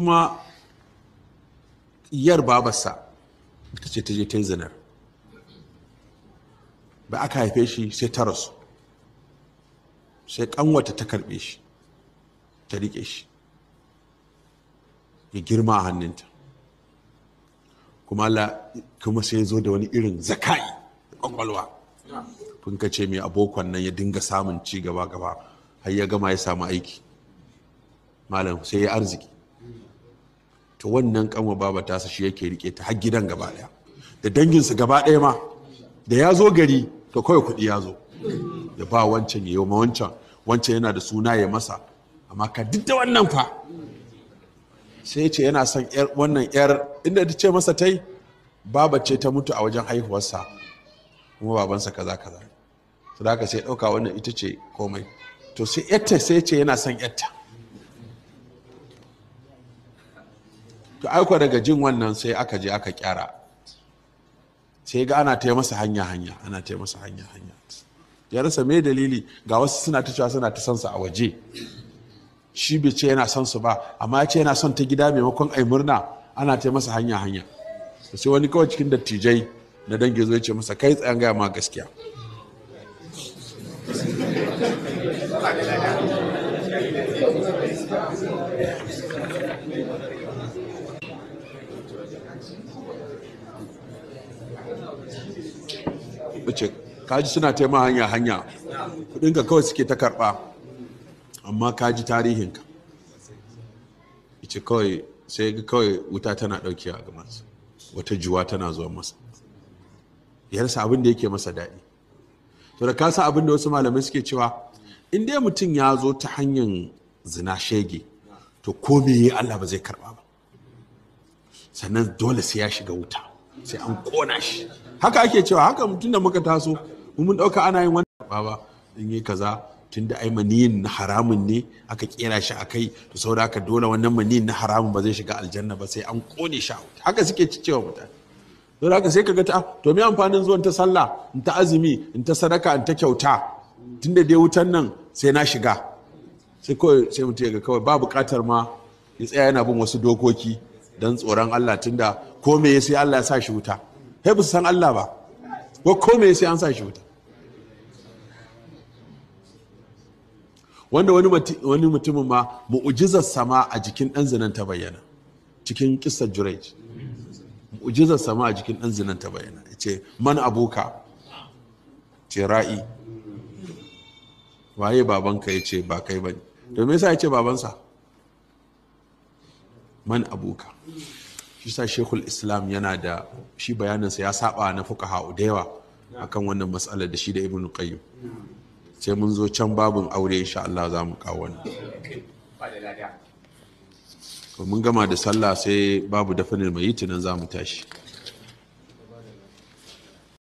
kuma yar babarsa ta ce ta je tun zinar ba aka haife shi sai ta rasu sai kanwata ta karbe shi ta rike shi ya girma a hannunta kuma la kuma sai zo da wani irin zakai kwakwalwa kun ka ce mai abokan nan ya dinga samun ci gaba gaba har ya gama ya samu aiki malam sai ya arziki to wannan kanwa baba tasa shi yake rike ta har gidan gaba daya da danginsu gaba daya ma da ya zo gari to kawai kuɗi ya zo ya ba wancan ya yi ma wancan wancan yana da suna ya masa amma ka duk da wannan fa sai ce yana son yar wannan yar inda ta ce masa tai baba ce ta mutu a wajen haihuwarsa kuma babansa kaza kaza sai da sai ɗauka wannan ita ce komai to sai yarta sai ce yana son yarta aiko daga jin wannan sai aka je aka kyara sai ga ana taya masa hanya hanya ana taya masa hanya hanya ya rasa me dalili ga wasu suna ta cewa suna ta sansa a waje shi bai ce yana sansu ba amma ya ce yana son ta gida maimakon ai murna ana taya masa hanya hanya sai wani kawai cikin dattijai na dangi zo ya ce masa kai tsayan gaya ma gaskiya bace kaji suna taima hanya hanya kudinka kawai suke ta karba amma kaji tarihinka ice kawai sai ga kawai wuta tana a ga masu wata juwa tana zuwa masa yar sa abin da yake masa daɗi to da kasa abin da wasu malamai suke cewa in dai mutum ya zo ta hanyar zina shege to ko me yi Allah ba zai karba ba sannan dole sai ya shiga wuta sai an kona shi haka ake cewa haka mutum da muka taso mun ɗauka ana yin wani ba in yi kaza tun da ai maniyin na haramun ne aka kera shi a kai to saboda haka dole wannan maniyin na haramun ba zai shiga aljanna ba sai an kone shi a wuta haka suke cewa mutane don haka sai ka ga ta to me amfanin zuwan ta sallah in ta azumi in ta sadaka in ta kyauta tun da dai wutan nan sai na shiga sai kawai sai mutum ya ga kawai ba buƙatar ma ya tsaya yana bin wasu dokoki don tsoron Allah tunda ko me sai Allah ya sa shi wuta sai ba su san Allah ba ko ko me sai an sa shi wuta wanda wani mutumin ma mu'ujizar sama a jikin ɗan zinan ta bayyana cikin kisar jurej mu'ujizar sama a jikin ɗan zinan ta bayyana ya ce man abuka ce ra'i waye babanka ya ce ba kai ba ne domin sa ya ce babansa man abuka shi sa shekul islam yana da shi bayaninsa ya saba na hau da yawa akan wannan matsalar da shi da ibn qayyim sai mun zo can babin aure insha Allah za mu kawo wannan mun gama da sallah sai babu dafanin mai yi tunan za mu tashi